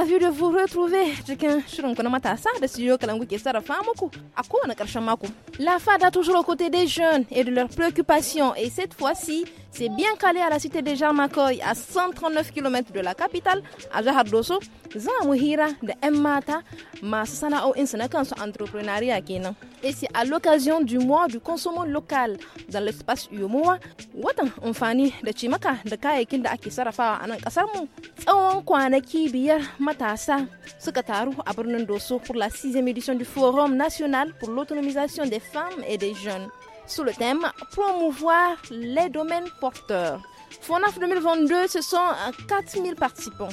vu de vous retrouver cikin shirin ku na matasa de studio Kalangu ke sarrafa muku a kowane ƙarshen mako. La est toujours aux côtés des jeunes et de leurs préoccupations et cette fois-ci c'est bien calé à la cité de Jarmakoy, à 139 km de la capitale, à Jahar Zanamuhira Zamuhira de Mmata, Masana ou Insanakan, entrepreneuriat Et c'est à l'occasion du mois du consommant local dans l'espace où Watan Onfani de Chimaka, de Kayakin à Akisarafa, On Tsawon Kwanaki Biyar Matasa, Sukataru à Doso pour la sixième édition du Forum national pour l'autonomisation des femmes et des jeunes sur le thème Promouvoir les domaines porteurs. FONAF 2022, ce sont 4000 euh, participants.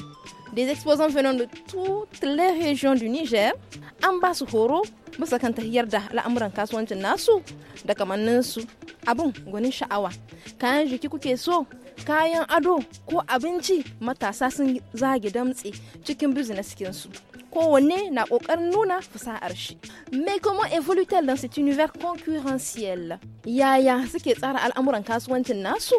Des exposants venant de toutes les régions du Niger, Ambas Horo, Musakanta Yarda, la Nasu, Dakamanensu, Abon, Gonisha Awa, Kanji Kikukeso, Kayan Ado, Ko Abinci, Matasa Zagi Damsi, Chicken Business Kinsu kowane na kokarin nuna fasahar shi mais comment évolue-t-elle dans cet univers concurrentiel yaya suke tsara al'amuran kasuwancin nasu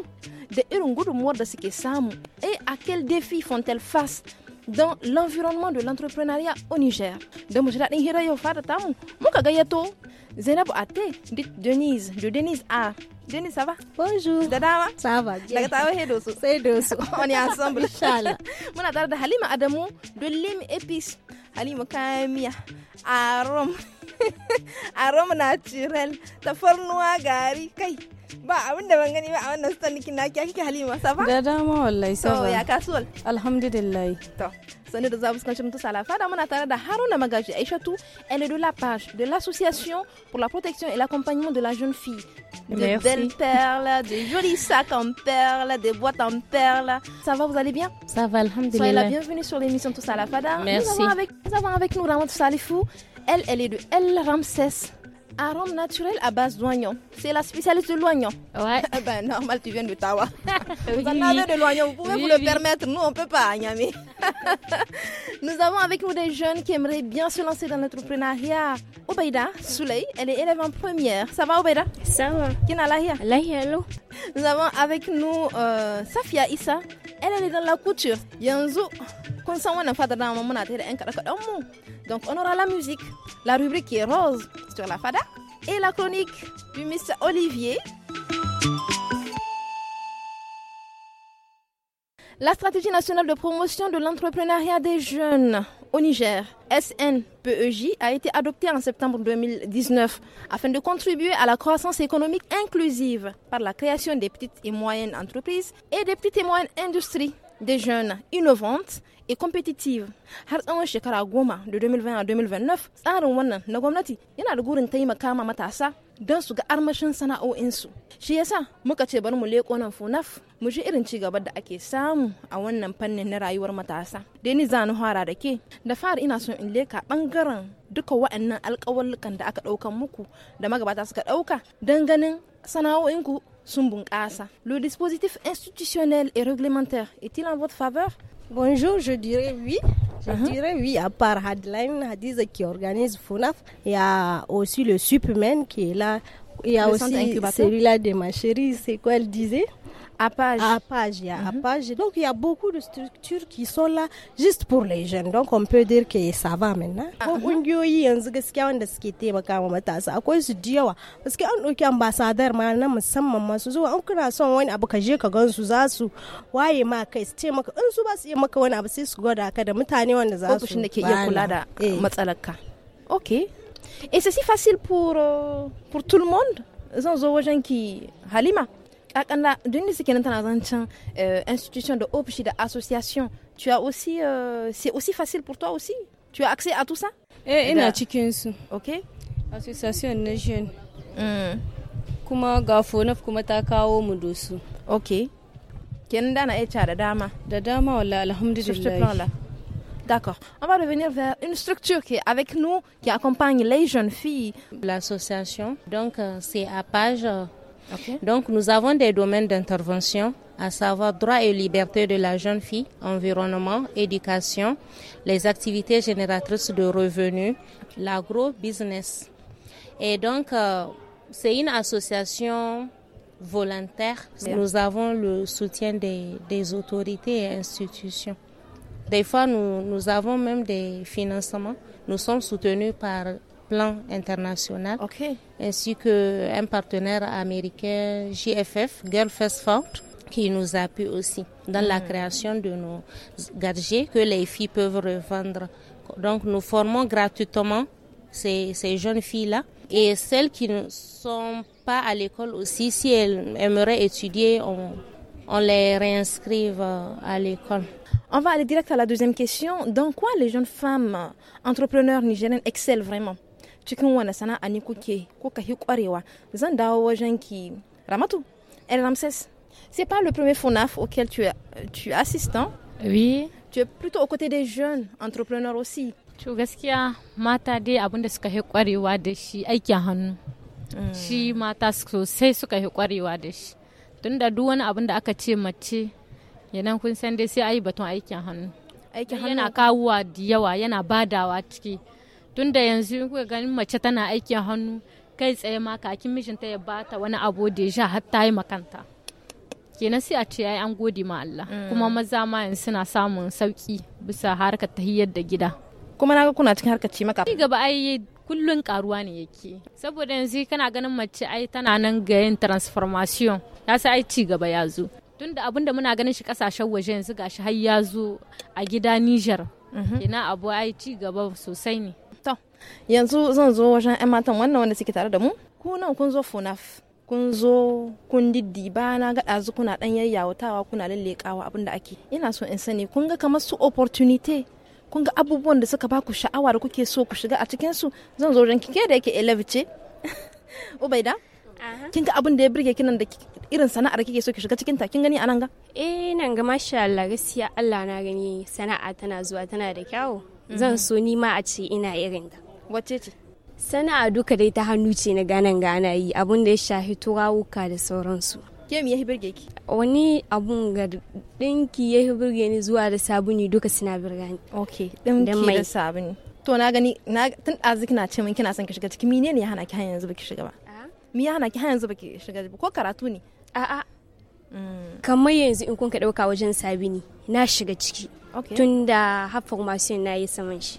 da irin gudunmuwar da suke samu et eh, à quel défi font-elles face dans l'environnement de l'entrepreneuriat au Niger. Da mu ji daɗin hira yau fara tamu muka gayyato Zainab Até, dit Denise, de Denise A. Ah. Denise, ça va Bonjour. Dadawa Ça va, bien. C'est Dosso. On est ensemble. Inch'Allah. Mon adar de Halima Adamou, de Lim Épice. Halima Kamia, arôme. arôme naturel. Ta fornoa gari, kai ba abin da ban gani ba a wannan stand kin naki ya kike halima masa ba da dama wallahi sai to ya kasuwal alhamdulillah to sani da zabu kan shimtu salafada muna tare da Haruna Magaji Aishatu elle est de la page de l'association pour la protection et l'accompagnement de la jeune fille de Merci. belles perles de jolis sacs en perles des boîtes en perles ça va vous allez bien ça va alhamdulillah soyez la bienvenue sur l'émission Tous à la Fada Merci. nous avons avec nous avons avec nous Salifou elle elle est de El Ramsès Arôme naturel à base d'oignon. C'est la spécialiste de l'oignon. Ouais. Eh ben, normal, tu viens de Tawa. Vous en avez de l'oignon, vous pouvez vous le permettre. Nous, on ne peut pas, Nyami. Hein, nous avons avec nous des jeunes qui aimeraient bien se lancer dans l'entrepreneuriat. Obeida Souley, elle est élève en première. Ça va, Obeida Ça va. est là là hello. Nous avons avec nous euh, Safia Issa. Elle, elle est dans la couture. Yanzu, kun san muna da Donc on aura la musique, la rubrique est rose sur la fada et la chronique du Miss Olivier. La stratégie nationale de promotion de l'entrepreneuriat des jeunes au Niger, SNPEJ, a été adoptée en septembre 2019 afin de contribuer à la croissance économique inclusive par la création des petites et moyennes entreprises et des petites et moyennes industries des jeunes innovantes et compétitives har tsawon shekara goma da 2020 a 2029 tsarin wannan na gwamnati yana da gurin taimaka ma matasa don su ga armashin sana'o'insu shi yasa muka ce bar mu leko nan funaf mu ji irin ci gaba da ake samu a wannan fannin na rayuwar matasa da ni zanu hara da ke da fara ina son in leka bangaren duka wa'annan alkawallukan da aka ɗaukan muku da magabata suka ɗauka don ganin sana'o'inku Le dispositif institutionnel et réglementaire est-il en votre faveur Bonjour, je dirais oui. Je uh-huh. dirais oui, à part Hadline qui organise FUNAF, il y a aussi le Superman qui est là. Il y a aussi celui-là de ma chérie, c'est quoi elle disait à page a mhm. page. Donc, il y a beaucoup de structures qui sont là juste pour les jeunes. Donc, on peut dire que ça va maintenant. Et c'est si facile euh, pour, tout le monde? kakanda duni sike nan tana zancen institution de ofishi de association tu as aussi euh, c'est aussi facile pour toi aussi tu as accès à tout ça eh, eh ina cikin su okay association des jeunes mm. kuma gafo na kuma ta kawo mu da su okay ken dana e da dama da dama wala alhamdulillah sur ce plan là D'accord. On va revenir vers une structure qui est avec nous, qui accompagne les jeunes filles. L'association, donc euh, c'est à page euh, donc nous avons des domaines d'intervention à savoir droit et liberté de la jeune fille, environnement, éducation, les activités génératrices de revenus, l'agro-business. Et donc, euh, c'est une association volontaire. Nous avons le soutien des, des autorités et institutions. Des fois, nous, nous avons même des financements. Nous sommes soutenus par plan international, ainsi qu'un partenaire américain, JFF, Girl First Fund, qui nous appuie aussi dans la mm. création de nos gadgets que les filles peuvent revendre. Donc nous formons gratuitement ces, ces jeunes filles-là. Et celles qui ne sont pas à l'école aussi, si elles aimeraient étudier, on, on les réinscrive à l'école. On va aller direct à la deuxième question. Dans quoi les jeunes femmes entrepreneurs nigériennes excellent vraiment cikin wani sana'a ne kuke kuka hi kwarewa zan dawo wajen ki ramatu el ramses c'est pas le premier fonaf auquel tu es, tu assistant oui tu es plutôt aux côtés des jeunes entrepreneurs aussi to gaskiya mata dai abinda suka hi kwarewa da shi aikin hannu hmm. shi mata sosai suka hi kwarewa da shi tun da duk wani abin da aka ce mace yanan kun san dai sai ayi baton aikin hannu aikin hannu yana kawuwa da yawa yana badawa ciki tunda yanzu kuka ganin mace tana aikin hannu kai tsaye ma kakin mijinta ya bata wani abu da ya har ta yi makanta kenan sai a ce yayi an gode ma Allah mm. kuma maza ma yanzu suna samun sauki bisa harkar tahiyyar da gida kuma naga kuna cikin harkar ci maka gaba ai kullun karuwa ne yake saboda yanzu kana ganin mace ai tana nan ga yin transformation ya sa ai ci gaba ya zo tunda da abinda muna ganin shi kasashen waje yanzu gashi har ya zo a gida Niger mhm. kenan abu ai ci gaba sosai ne yanzu zan zo wajen 'yan matan wannan wanda suke tare da mu ku nan kun zo funaf kun zo kun diddi ba na ga ɗazu kuna ɗan yayyawatawa kuna lallekawa abin da ake ina so in sani kun ga kamar su opportunity kun ga abubuwan da suka baku sha'awa da kuke so ku shiga a cikin su zan zo ranki kike da yake elevi ce ubaida kin ga abin da ya birge kinan da irin sana'ar kike so ki shiga cikin ta kin gani anan ga eh nan ga masha Allah gaskiya Allah na gani sana'a tana zuwa tana da kyau mhm. zan so ni ma a ce ina irin ta Wace ce? Sana'a duka dai ta hannu ce na ganan gana yi abun da ya shafi turawuka da sauransu. Ke me ya birge ki? Wani abun ga dinki ya birge ni zuwa da sabuni duka suna birga ni. Okay, dinki da sabuni. To na gani na tun ɗazu kina ce min kina son ki shiga ciki mine ne ya hana ki har yanzu baki shiga ba? Ah? Me ya hana ki har yanzu baki shiga Ko karatu ne? A'a. Mm. Kamar yanzu in kun ka ɗauka wajen sabini na shiga ciki. Tun da hafa masu na yi saman shi.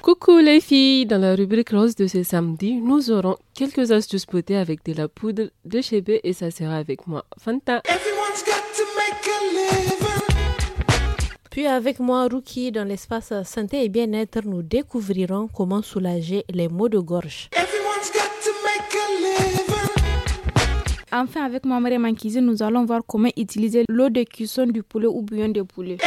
Coucou les filles, dans la rubrique rose de ce samedi, nous aurons quelques astuces potées avec de la poudre de chez B et ça sera avec moi, Fanta. Puis avec moi, Rookie, dans l'espace santé et bien-être, nous découvrirons comment soulager les maux de gorge. Enfin, avec moi, Marie Mankizi, nous allons voir comment utiliser l'eau de cuisson du poulet ou bouillon de poulet.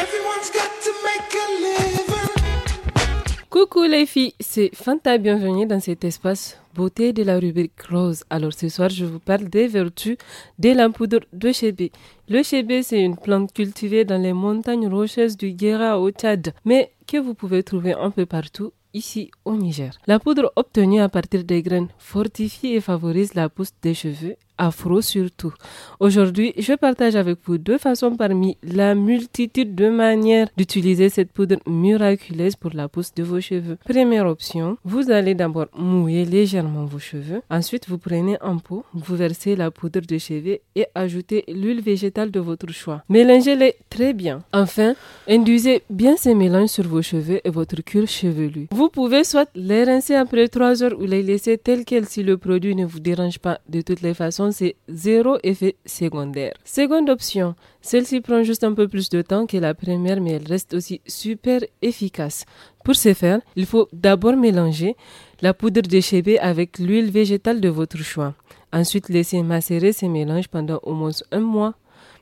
Coucou les filles, c'est Fanta, bienvenue dans cet espace beauté de la rubrique rose. Alors ce soir, je vous parle des vertus de la poudre de chébé. Le chébé, c'est une plante cultivée dans les montagnes rocheuses du Guéra au Tchad, mais que vous pouvez trouver un peu partout ici au Niger. La poudre obtenue à partir des graines fortifie et favorise la pousse des cheveux afro surtout. Aujourd'hui, je partage avec vous deux façons parmi la multitude de manières d'utiliser cette poudre miraculeuse pour la pousse de vos cheveux. Première option, vous allez d'abord mouiller légèrement vos cheveux. Ensuite, vous prenez un pot, vous versez la poudre de cheveux et ajoutez l'huile végétale de votre choix. Mélangez-les très bien. Enfin, induisez bien ces mélanges sur vos cheveux et votre cuir chevelu. Vous pouvez soit les rincer après 3 heures ou les laisser telles quelles si le produit ne vous dérange pas de toutes les façons c'est zéro effet secondaire. Seconde option, celle-ci prend juste un peu plus de temps que la première, mais elle reste aussi super efficace. Pour ce faire, il faut d'abord mélanger la poudre de chébé avec l'huile végétale de votre choix. Ensuite, laisser macérer ce mélange pendant au moins un mois,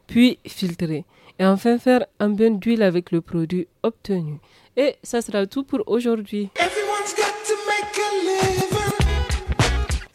puis filtrer. Et enfin, faire un bain d'huile avec le produit obtenu. Et ça sera tout pour aujourd'hui.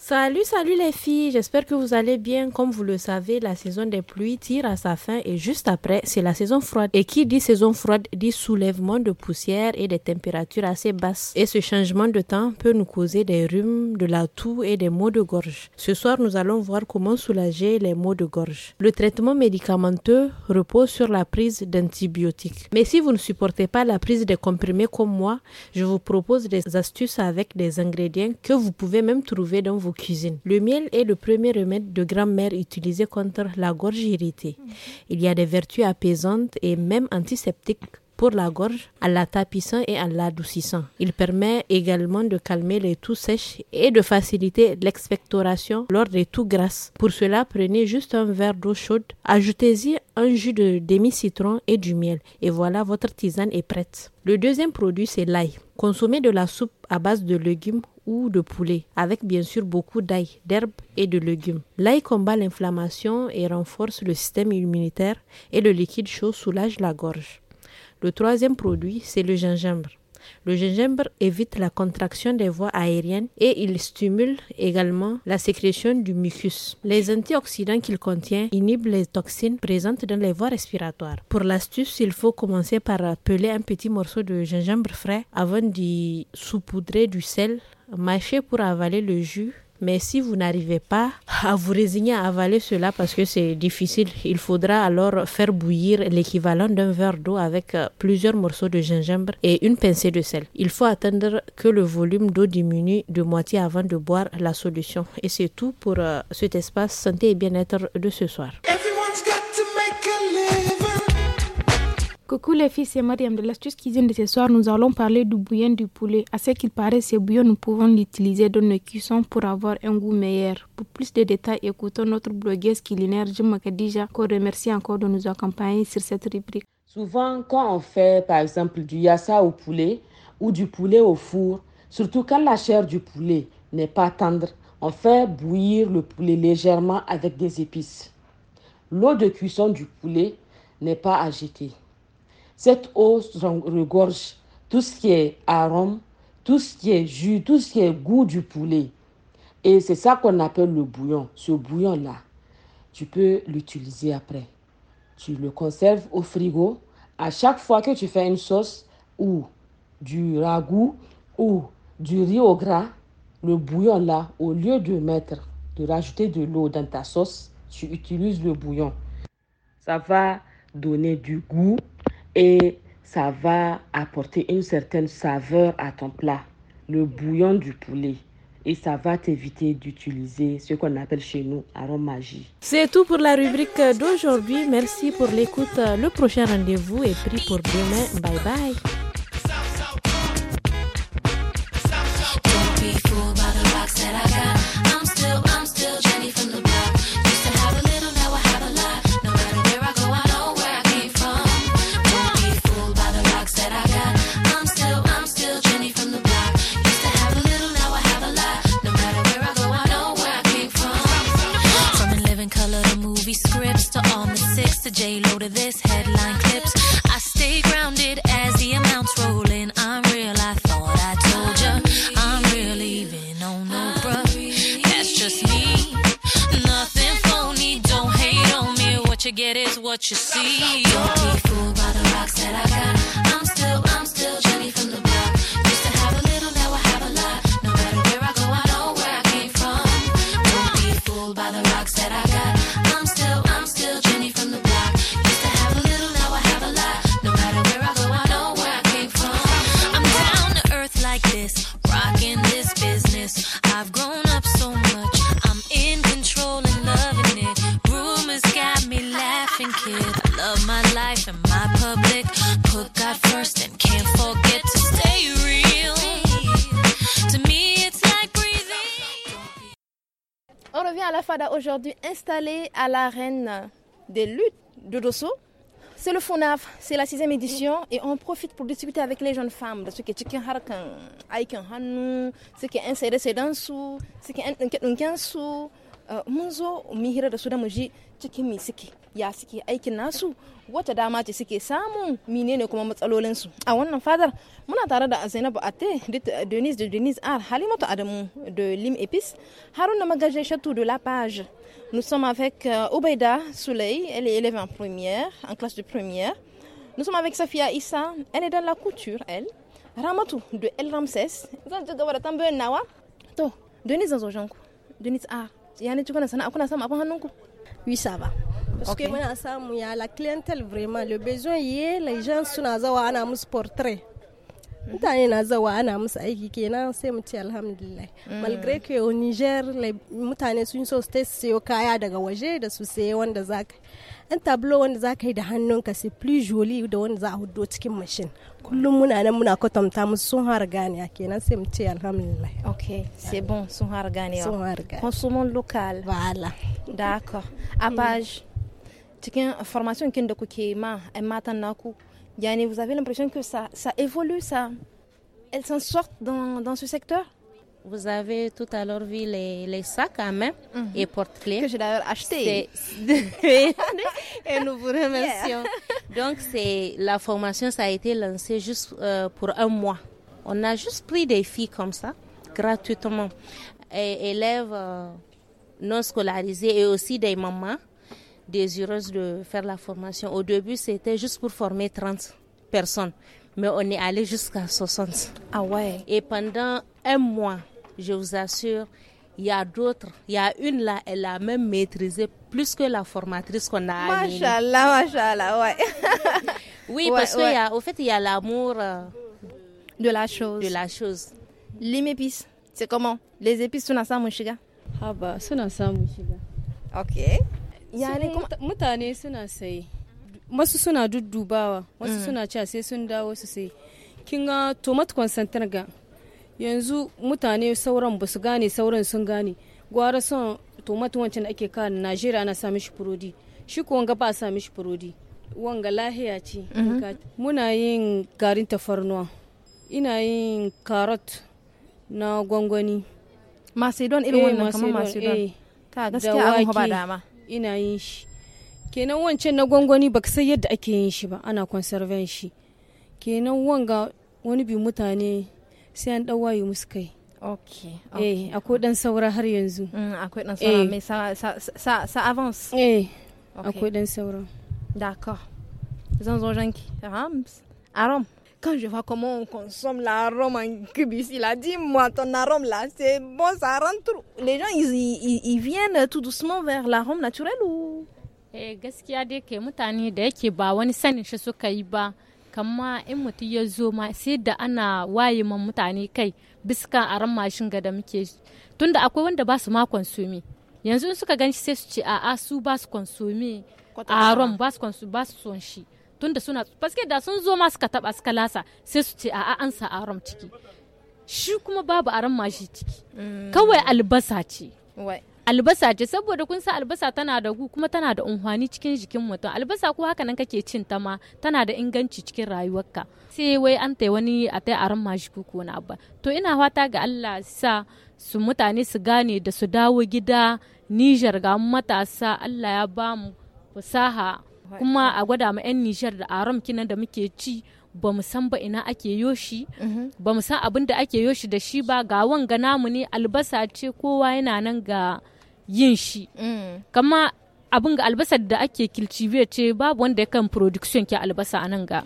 Salut, salut les filles, j'espère que vous allez bien. Comme vous le savez, la saison des pluies tire à sa fin et juste après, c'est la saison froide. Et qui dit saison froide dit soulèvement de poussière et des températures assez basses. Et ce changement de temps peut nous causer des rhumes, de la toux et des maux de gorge. Ce soir, nous allons voir comment soulager les maux de gorge. Le traitement médicamenteux repose sur la prise d'antibiotiques. Mais si vous ne supportez pas la prise des comprimés comme moi, je vous propose des astuces avec des ingrédients que vous pouvez même trouver dans vos cuisine. Le miel est le premier remède de grand-mère utilisé contre la gorge irritée. Mhm. Il y a des vertus apaisantes et même antiseptiques pour la gorge à la tapissant et à l'adoucissant. Il permet également de calmer les toux sèches et de faciliter l'expectoration lors des toux grasses. Pour cela, prenez juste un verre d'eau chaude, ajoutez-y un jus de demi-citron et du miel et voilà, votre tisane est prête. Le deuxième produit, c'est l'ail. Consommez de la soupe à base de légumes ou de poulet, avec bien sûr beaucoup d'ail, d'herbes et de légumes. L'ail combat l'inflammation et renforce le système immunitaire et le liquide chaud soulage la gorge. Le troisième produit, c'est le gingembre. Le gingembre évite la contraction des voies aériennes et il stimule également la sécrétion du mucus. Les antioxydants qu'il contient inhibent les toxines présentes dans les voies respiratoires. Pour l'astuce, il faut commencer par peler un petit morceau de gingembre frais avant d'y saupoudrer du sel, mâcher pour avaler le jus mais si vous n'arrivez pas à vous résigner à avaler cela parce que c'est difficile, il faudra alors faire bouillir l'équivalent d'un verre d'eau avec euh, plusieurs morceaux de gingembre et une pincée de sel. Il faut attendre que le volume d'eau diminue de moitié avant de boire la solution. Et c'est tout pour euh, cet espace santé et bien-être de ce soir. Coucou les filles, c'est Mariam de l'Astuce cuisine de ce soir. Nous allons parler du bouillon du poulet. À ce qu'il paraît, ce bouillon, nous pouvons l'utiliser dans nos cuissons pour avoir un goût meilleur. Pour plus de détails, écoutons notre blogueuse culinaire Jim Makadija, qu'on remercie encore de nous accompagner sur cette rubrique. Souvent, quand on fait par exemple du yassa au poulet ou du poulet au four, surtout quand la chair du poulet n'est pas tendre, on fait bouillir le poulet légèrement avec des épices. L'eau de cuisson du poulet n'est pas agitée. Cette eau regorge tout ce qui est arôme, tout ce qui est jus, tout ce qui est goût du poulet. Et c'est ça qu'on appelle le bouillon. Ce bouillon-là, tu peux l'utiliser après. Tu le conserves au frigo. À chaque fois que tu fais une sauce ou du ragoût ou du riz au gras, le bouillon là, au lieu de mettre, de rajouter de l'eau dans ta sauce, tu utilises le bouillon. Ça va donner du goût et ça va apporter une certaine saveur à ton plat, le bouillon du poulet. Et ça va t'éviter d'utiliser ce qu'on appelle chez nous arôme C'est tout pour la rubrique d'aujourd'hui. Merci pour l'écoute. Le prochain rendez-vous est pris pour demain. Bye bye. kid. I love my life and my public. first and can't forget to stay real. To me, it's like On revient à la FADA aujourd'hui installée à l'arène des luttes de Dosso. C'est le FONAF, c'est la sixième édition et on profite pour discuter avec les jeunes femmes de ce qui est cikin harkan aikin hannu, ce qui est inséré c'est ce qui est ɗinke-ɗinken Mihira Mun zo de hira chicken ya suke aikin nasu wata dama ce suke samu menene kuma matsalolinsu a wannan fadar muna tare da zainabu ate euh, denis de denis r halimatu adamu de lim epis haruna magaje château de la page nous sommes avec euh, Obeida Souley elle est élève en première en classe de première nous sommes avec Safia Issa elle est dans la couture elle Ramatu de El Ramses zan Denise gaba da tambayoyin nawa to denis zanzo janku denis r yani kuna sana'a kuna samun abin hannunku oui ça va parce que muna samu ya la clientèle vraiment le besoin est les gens sont zawa ana musu portrait. mutane na zawa ana musu aiki kenan sai mu alhamdulillah malgré que au niger mutane sun so su siyo kaya daga waje da su saye wanda zak, un tableau tablo wanda est ka yi da hannunka plus joli de wanda za a hudo cikin mashin kullum muna nan muna kwatanta musu sun har gane kenan sai alhamdulillah ok c'est bon sun har gane consomment local voilà d'accord page cikin formation vous avez l'impression que ça ça évolue ça elles s'en sortent dans, dans ce secteur vous avez tout à l'heure vu les, les, sacs à main mhm. et porte-clés. Que j'ai d'ailleurs acheté. et nous vous remercions. Donc, c'est la formation, ça a été lancée juste euh, pour un mois. On a juste pris des filles comme ça, gratuitement. Et élèves euh, non scolarisés et aussi des mamans désireuse de faire la formation. Au début, c'était juste pour former 30 personnes, mais on est allé jusqu'à 60. Ah ouais. Et pendant un mois, je vous assure, il y a d'autres. Il y a une là, elle a même maîtrisé plus que la formatrice qu'on a. Machallah, machallah, ouais. oui, parce qu'au au fait, il y a l'amour euh, de la chose. De la chose. L'épice, c'est comment Les épices sont ensemble, Ah bah, sont ensemble, Ok. yani mutane suna sayi masu suna duddubawa wasu mm. suna cewa sai sun dawo su sai kin ga tomat concentrate ga yanzu mutane sauran ba su gane sauran sun gane gwara son tomat wancan ake kawo najeriya ana sa mishi furodi shi ko wanga ba a sa mishi furodi wanga lahiya ce mm-hmm. muna yin garin tafarnuwa ina yin carrot na gwangwani macedon irin wannan eh, kamar macedon eh. ta gaskiya an ba dama ina yin shi kenan wancan na gwangwani ba san yadda ake yin shi ba ana conservation shi kenan wanga wani bi mutane sai an dan waye musu kai ok eh akwai dan saura har yanzu mm, akwai dan saura eh. mai sa avance eh akwai dan saura d'accord zan zo janki rams quand je vois comment on consomme l'arôme en cube ici, là, dis-moi, ton arôme là, c'est bon, ça rentre. Les gens, ils, ils, ils viennent tout doucement vers l'arôme naturel ou Eh, gaskiya dai ke mutane da yake ba wani sanin shi suka yi ba, kamma in mutum ya zo ma sai da ana waye man mutane kai biskan aran mashin ga da muke tunda akwai wanda ba su ma konsumi. Yanzu in suka gan shi sai su ce a'a su ba su konsumi aron ba su son shi. tunda suna paske da sun zo masu ka taba suka lasa sai su ce a'a an sa aram ciki shi kuma babu a'ram mashi ciki mm. kawai albasa ce albasa ce saboda kun sa albasa tana da gu kuma tana da unhwani cikin jikin mutum albasa ko haka nan kake cin ta ma tana da inganci cikin rayuwarka sai wai an tai wani a tai aram mashi ko wani abu to ina fata ga Allah sa su mutane su gane da su dawo gida Nijar ga matasa Allah ya bamu fasaha kuma a gwada ma 'yan nijar da aram kinan da muke ci ba mu san ba ina ake yoshi mm-hmm. ba mu san abin da ake yoshi da shi ba ga wanga namu ne albasa ce kowa yana nan ga yin shi mm. kama abin ga albasar da ake biya ce babu wanda ya kan production ke albasa a nan ga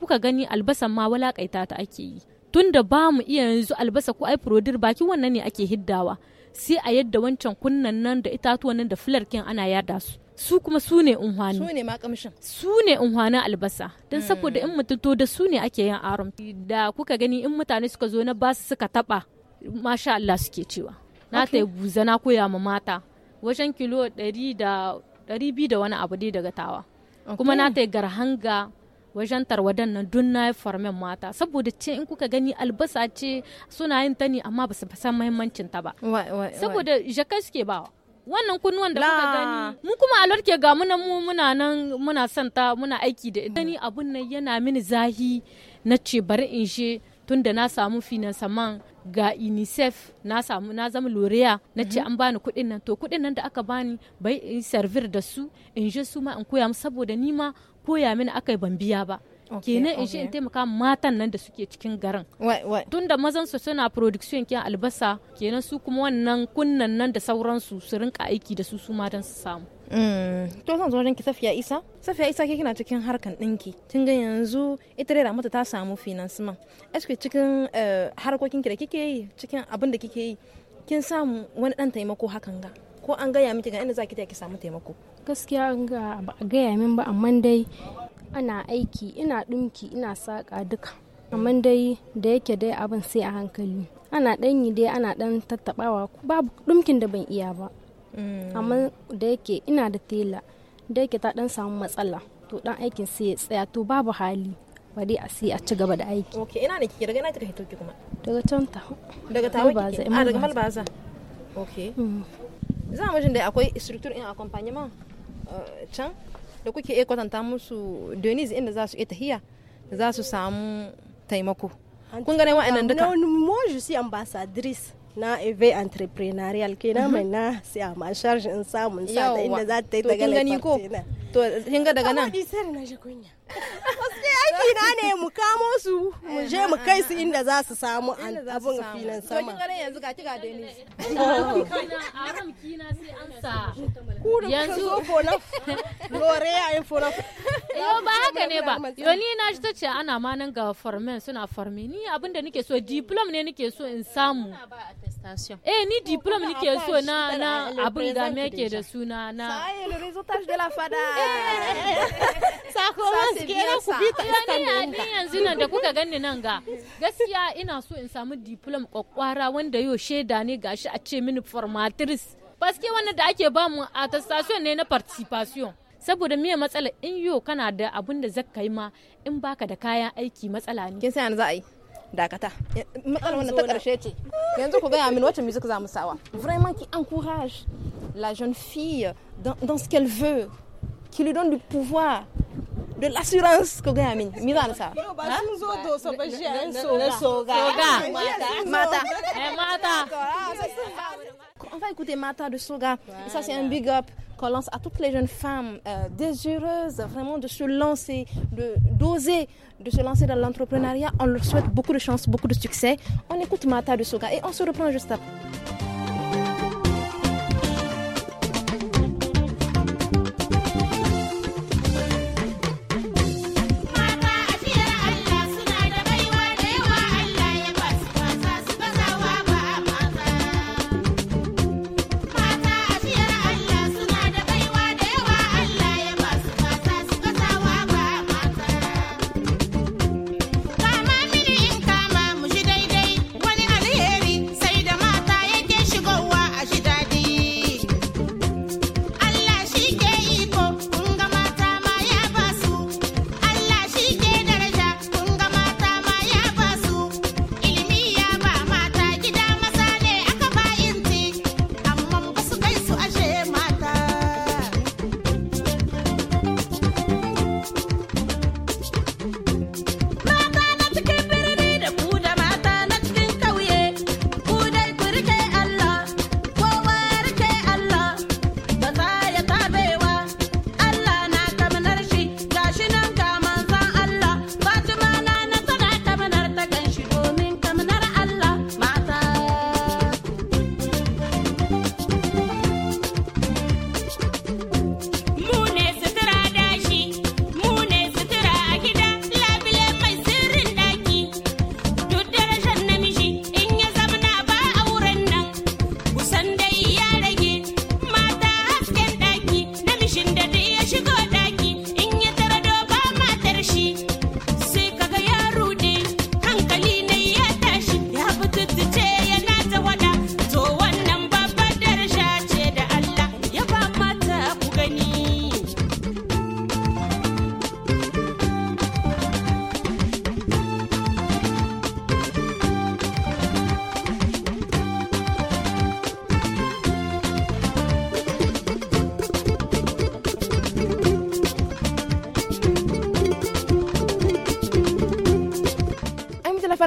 kuka gani albasan ma walakaita ta ake yi tun da ba mu iya yanzu albasa ko ai produr bakin wannan ne ake hiddawa sai a yadda wancan kunnan nan da itatuwan nan da filarkin ana yada su su kuma su ne unhwani su ne ma kamshin su ne unhwanin albasa don hmm. saboda in mutum to da su ne ake yin aron da kuka gani in mutane suka zo na basu suka taba masha Allah suke cewa na ta buza na koya ma mata wajen kilo ɗari da 200 da wani abu dai daga tawa kuma na ta garhanga wajen tarwadan nan dun na farmen mata saboda ce in kuka gani albasa ce suna yin ta ne amma ba su san muhimmancin ta ba saboda jaka suke bawa wannan kunnuwan da muka gani mu kuma a lorke ga muna mu muna nan muna son ta muna aiki da ita ni abun nan yana mini zahi na ce bari in she tunda na samu finansaman ga unicef na samu na zama loriya na ce mhm. an bani kuɗin nan to kuɗin nan da aka bani bai in servir da su in je su ma in koya mu saboda ni ma koya mini aka ban biya ba kenan in shi in taimaka matan nan da suke cikin garin tun da mazan su suna production kin albasa kenan su kuma wannan kunnan nan da sauransu su rinka aiki da su su matan su samu mm. to zan zo wajen ki safiya isa safiya isa ke kina cikin harkan dinki. tun ga yanzu ita rera mata ta samu finansman eske cikin eh, harkokin ki da kike yi cikin abin da kike yi kin samu wani dan taimako hakan ga ko an gaya miki ga inda zaki ta ki samu taimako gaskiya ga ba a gaya min ba amma dai ana aiki ina dumki ina saƙa duka amma dai da yake dai abin sai a hankali ana dan yi dai ana ɗan tattaɓawa babu ɗumkin da ban iya ba mm. amma da yake ina da tela da yake ta ɗan samu matsala to ɗan aikin sai ya tsaya to babu hali bari a sai a ci gaba da aiki ok ina ne kike daga ina kika hito ki kuma daga can ta daga ta malbaza a ah, daga malbaza ok mm. za mu jin dai akwai structure in accompaniment eh, can da kuke iya kwatanta musu Denise inda za su iya tahiya za su samu taimako kun gane wa'annan duka moi je suis ambassadrice na eve entrepreneurial na mhm. mai na si a ma charge in samun sa inda za ta yi ta gani ko to hinga daga nan fina ne mu kamo su mu je mu kai su inda za su samu abin finan sama yanzu ga kiga da ni yanzu lore a yin fona yo ba haka ne ba yo na shi tace ana ma nan ga farmen suna forme ni abinda nake so diplom ne nake so in samu eh ni diplom nake so na na abin da me ke da suna na sa le resultat de la fada sa ko ma skera ku bita ni yanzu nan da kuka gani nan ga gaskiya ina so in samu diplom kwakwara wanda yau shaida ne gashi a ce mini formatrice baske wannan da ake bamu a attestation ne na participation saboda miya matsala in yau kana da abun da zaka yi ma in baka da kayan aiki matsala ne kin san za a yi dakata matsalar wannan ta karshe ce yanzu ku gaya min wacce music za mu sawa vraiment qui encourage la jeune fille dans, dans ce qu'elle veut qui lui donne du pouvoir de l'assurance on va écouter Mata de Soga. ça, c'est un big up qu'on lance à toutes les jeunes femmes euh, désireuses vraiment de se lancer, de d'oser, de se lancer dans l'entrepreneuriat. On leur souhaite beaucoup de chance, beaucoup de succès. On écoute Mata de Soga et on se reprend juste après.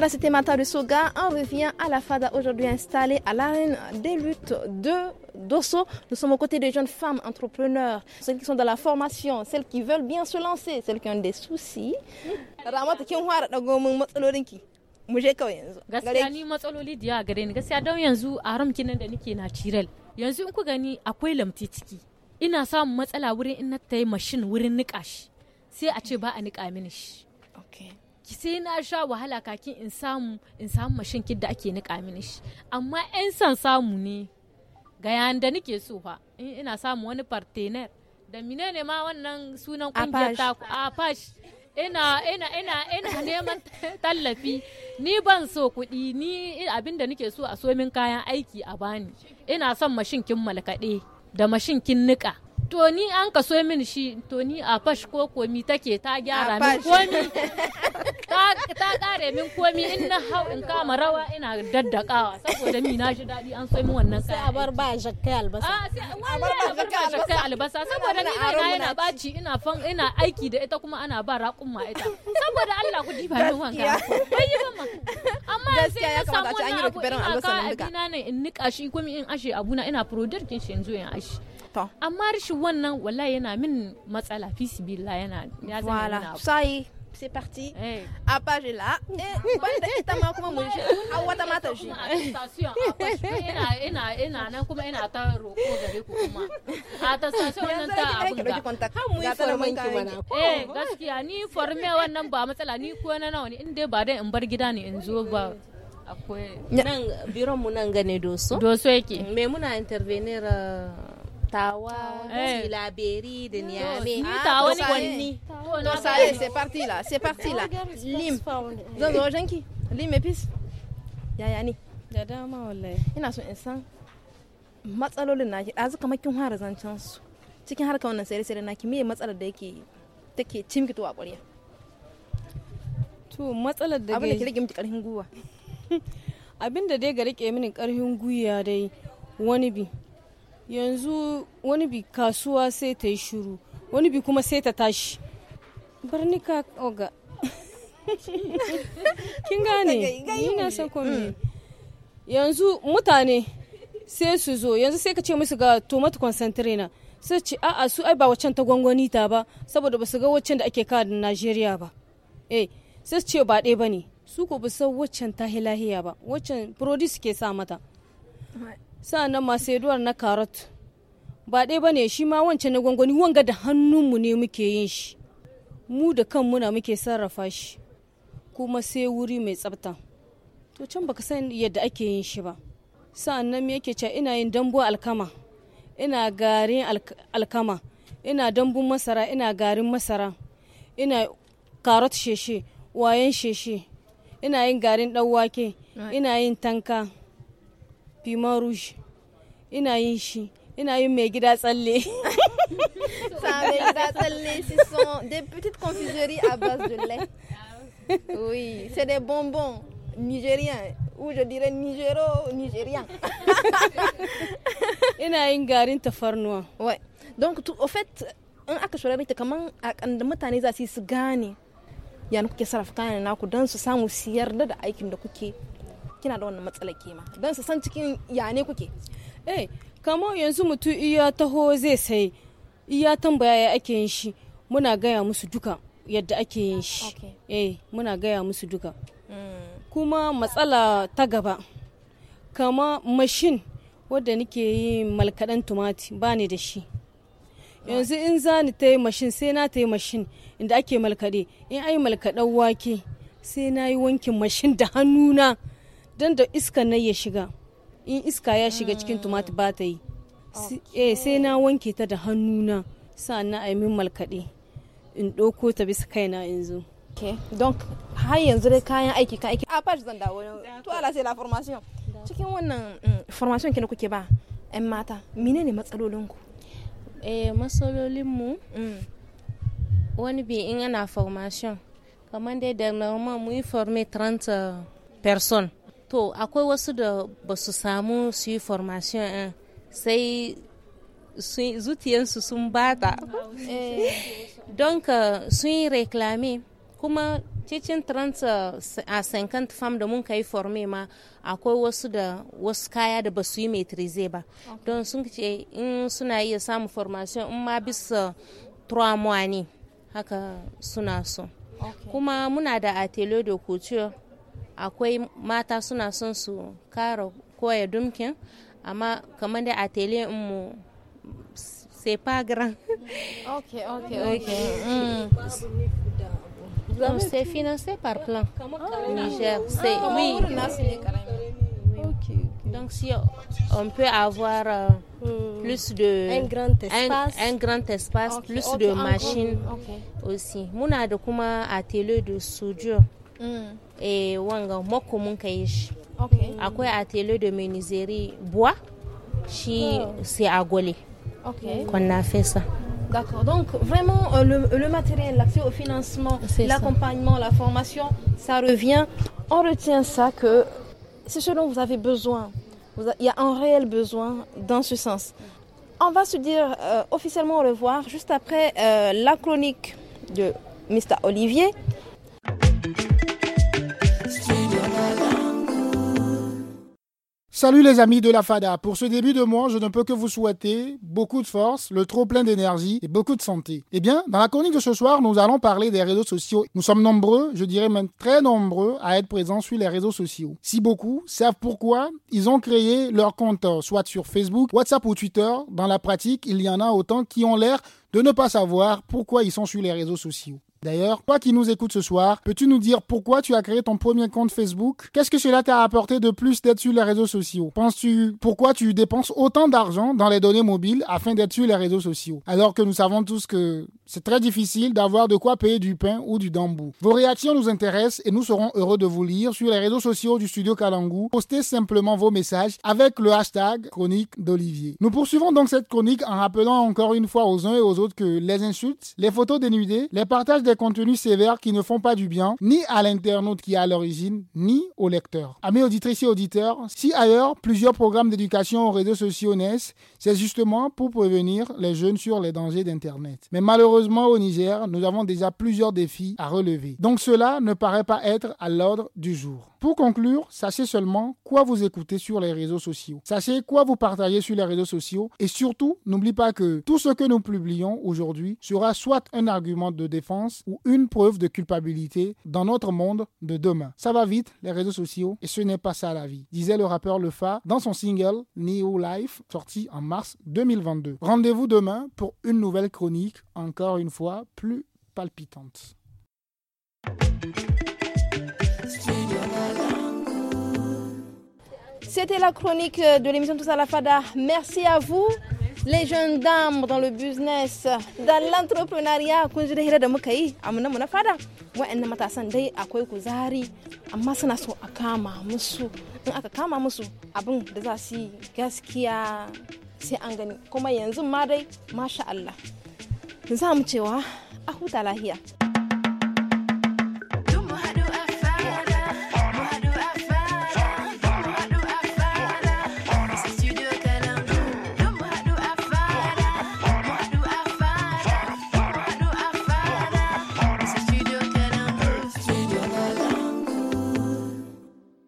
Voilà, c'était Mata de Soga. On revient à la FADA aujourd'hui installée à l'arène des luttes de Dosso. Nous sommes aux côtés des jeunes femmes entrepreneurs, celles qui sont dans la formation, celles qui veulent bien se lancer, celles qui ont des soucis. mu je kawai yanzu gaskiya da yanzu a ramkinan da nake na yanzu in ku gani akwai lamti ciki ina samun matsala wurin in na ta yi mashin wurin niƙa shi sai a ce ba a niƙa mini shi ki sai na sha wahala kakin in samu in samu mashin kidda ake nika mini shi amma yan san samu ne ga yayin da nake so fa in ina samu wani partner da mine ne ma wannan sunan kungiyar ta fash ina ina ina ina neman tallafi ni ban so kuɗi ni abinda nake so a so min kayan aiki a bani ina son mashin kin malkaɗe da mashin kin niƙa to ni an ka so min shi to ni a fash ko komi take ta gyara min komi ta kare min komi in na hau in kama rawa ina daddakawa saboda mi na shi dadi an so min wannan kaya sai ah, a bar ba jakkai albasa a bar ba jakkai albasa saboda ni na yana baci ina fan ina aiki da ita kuma ana ba raƙun ma ita saboda Allah ku diba min wanka bai yi ba amma sai ya samu wani abu ina ka abina ne in nika shi komi in ashe abuna ina product kin shi yanzu in ashe amma rashin wannan wallahi yana min matsala fi sibilla yana ya zama sai c'est parti hey. Eh. page là et eh, banda ita ma kuma mun shi a wata mata shi ina ina ina nan kuma ina ta roko gare ku kuma a ta station wannan ta abun da har mu yi formen ki mana eh gaskiya ni forme wannan ba matsala ni ko na nawa ne in ba dai in bar gida ne in zo ba akwai nan biron mu nan gane doso doso yake me muna intervenir uh... Tawa, oui. Eh. la beri de Niamey. Ah, tawa, e ni Donc ça sa est, c'est parti là, c'est parti là. Lim. Zan zo wajen Lim epis. Ya Yaya ne? Da ma wallahi. Ina so in san matsalolin naki, ɗazu kamar kin hara zancen su. Cikin harkar wannan sayar-sayar naki, me matsalar da yake take cimkito a ƙwarya? To matsalar da abin da ke rage miki karhin guwa. Abin da dai ga rike mini karhin gwiwa dai wani bi. yanzu wani bi kasuwa sai ta yi shuru wani bi kuma sai ta tashi birni ka oga kin gane ina son kome yanzu mutane sai su zo yanzu sai ka ce musu ga tomato concentrate na sai ce a'a su ai ba waccan ta gwangwani ta ba saboda ba su ga waccan da ake kawo da Najeriya ba eh sai su ce ba ɗaya ba ne su ko ba san waccan ta hilahiya ba waccan produce ke sa mata nan masu eduwar na karot ba ɗaya ba ne shi ma wancan na gwangwani wanga da hannunmu ne muke yin shi mu da kan muna muke sarrafa shi kuma sai wuri mai tsafta to can baka san yadda ake yin shi ba sa'an me yake ce ina yin dambu alkama ina garin alkama ina dambun masara ina garin masara ina karot sheshe wayan sheshe ina yin garin ɗan wake ina yin tanka Piment rouge ina yin shi ina yin mai gida tsalle ce sont des petites confiseries à base de lait oui c'est des bonbons nigériens ou je dirais nigéro nigérien ina yin garin tafarnuwa ouais donc au fait in aka shirarita kaman a mutane za su yi su gane yana kuke sarrafa kayan naku don su samu su yarda da aikin da kuke kina da wannan matsalar kema don su san cikin ya ne kuke eh kamar yanzu mutum iya taho zai sai iya tambaya ya ake yin shi muna gaya musu duka yadda ake yin shi eh muna gaya musu duka mm. kuma matsala ta gaba kama mashin wadda nake yi malkaɗan tumati ba ni da shi yanzu in za ni ta yi mashin sai na ta yi mashin inda ake malkaɗe in ai malkaɗan wake sai na yi wankin mashin da hannuna don da iska na ya shiga in iska ya shiga cikin tumatir ba ta yi eh, sai na wanke ta da hannuna sa'annan a yi min malkaɗe in ɗauko ta bisa kaina yanzu. zo don har yanzu dai kayan aiki ka aiki a ba zan dawo to ala sai la formation cikin wannan mm, formation kina kuke ba 'yan mata menene ku eh mu mm. wani bi in ana formation kamar dai da normal mu yi forme 30 person to akwai wasu da ba su samu su yi formation sai zutiyansu sun bata eh. don ka sun yi reklame kuma cikin transa a 50 fam da mun yi forme ma akwai wasu da wasu kaya da ba su yi maitrize ba don sun ce in suna iya samun formation in ma bisa 3 haka suna so kuma muna da atelier de couture akwai mata suna son su kara koya dumkin amma kamar da atelier, mu c'est pas grand. Ok, ok, ok. Mm. Donc c'est financé par plan. Comment Niger, c'est oui. Donc si on peut avoir euh, hmm. plus de un grand espace, un, grand espace plus de machines okay. aussi. Muna da kuma atelier de soudure. Mm. Et wanga mako quoi kai ok atelier de menuiserie bois c'est à Golé qu'on a fait ça D'accord. Donc vraiment euh, euh, le, matériel, l'accès au financement, l'accompagnement, la formation, ça revient. On retient ça que c'est ce dont vous avez besoin. il y a un réel besoin dans ce sens. On va se dire euh, officiellement au revoir juste après la chronique de Mr. Olivier. Salut les amis de la FADA. Pour ce début de mois, je ne peux que vous souhaiter beaucoup de force, le trop plein d'énergie et beaucoup de santé. Eh bien, dans la chronique de ce soir, nous allons parler des réseaux sociaux. Nous sommes nombreux, je dirais même très nombreux, à être présents sur les réseaux sociaux. Si beaucoup savent pourquoi, ils ont créé leur compte, euh, soit sur Facebook, WhatsApp ou Twitter. Dans la pratique, il y en a autant qui ont l'air de ne pas savoir pourquoi ils sont sur les réseaux sociaux. D'ailleurs, toi qui nous écoutes ce soir, peux-tu nous dire pourquoi tu as créé ton premier compte Facebook Qu'est-ce que cela t'a apporté de plus d'être sur les réseaux sociaux Penses-tu pourquoi tu dépenses autant d'argent dans les données mobiles afin d'être sur les réseaux sociaux Alors que nous savons tous que c'est très difficile d'avoir de quoi payer du pain ou du dambou. Vos réactions nous intéressent et nous serons heureux de vous lire sur les réseaux sociaux du studio Kalangu. Postez simplement vos messages avec le hashtag chronique d'Olivier. Nous poursuivons donc cette chronique en rappelant encore une fois aux uns et aux autres que les insultes, les photos dénudées, les partages des contenus sévères qui ne font pas du bien, ni à l'internaute qui est à l'origine, ni au lecteur. Amis auditrices et auditeurs, si ailleurs plusieurs programmes d'éducation aux réseaux sociaux naissent, c'est justement pour prévenir les jeunes sur les dangers d'Internet. Mais malheureusement au Niger, nous avons déjà plusieurs défis à relever. Donc cela ne paraît pas être à l'ordre du jour. Pour conclure, sachez seulement quoi vous écoutez sur les réseaux sociaux. Sachez quoi vous partagez sur les réseaux sociaux. Et surtout, n'oubliez pas que tout ce que nous publions aujourd'hui sera soit un argument de défense, ou une preuve de culpabilité dans notre monde de demain. Ça va vite, les réseaux sociaux, et ce n'est pas ça la vie, disait le rappeur Lefa dans son single Neo Life, sorti en mars 2022. Rendez-vous demain pour une nouvelle chronique, encore une fois plus palpitante. C'était la chronique de l'émission Tout à la Fada. Merci à vous. les jeunes dames dans le business dans l'entrepreneuriat kun ji hira da muka yi a muna na fada wa'annan matasan dai akwai kuzari amma suna so a kama musu in aka kama musu abin da za su yi gaskiya sai an gani kuma yanzu ma dai masha Allah za mu cewa a huta lahiya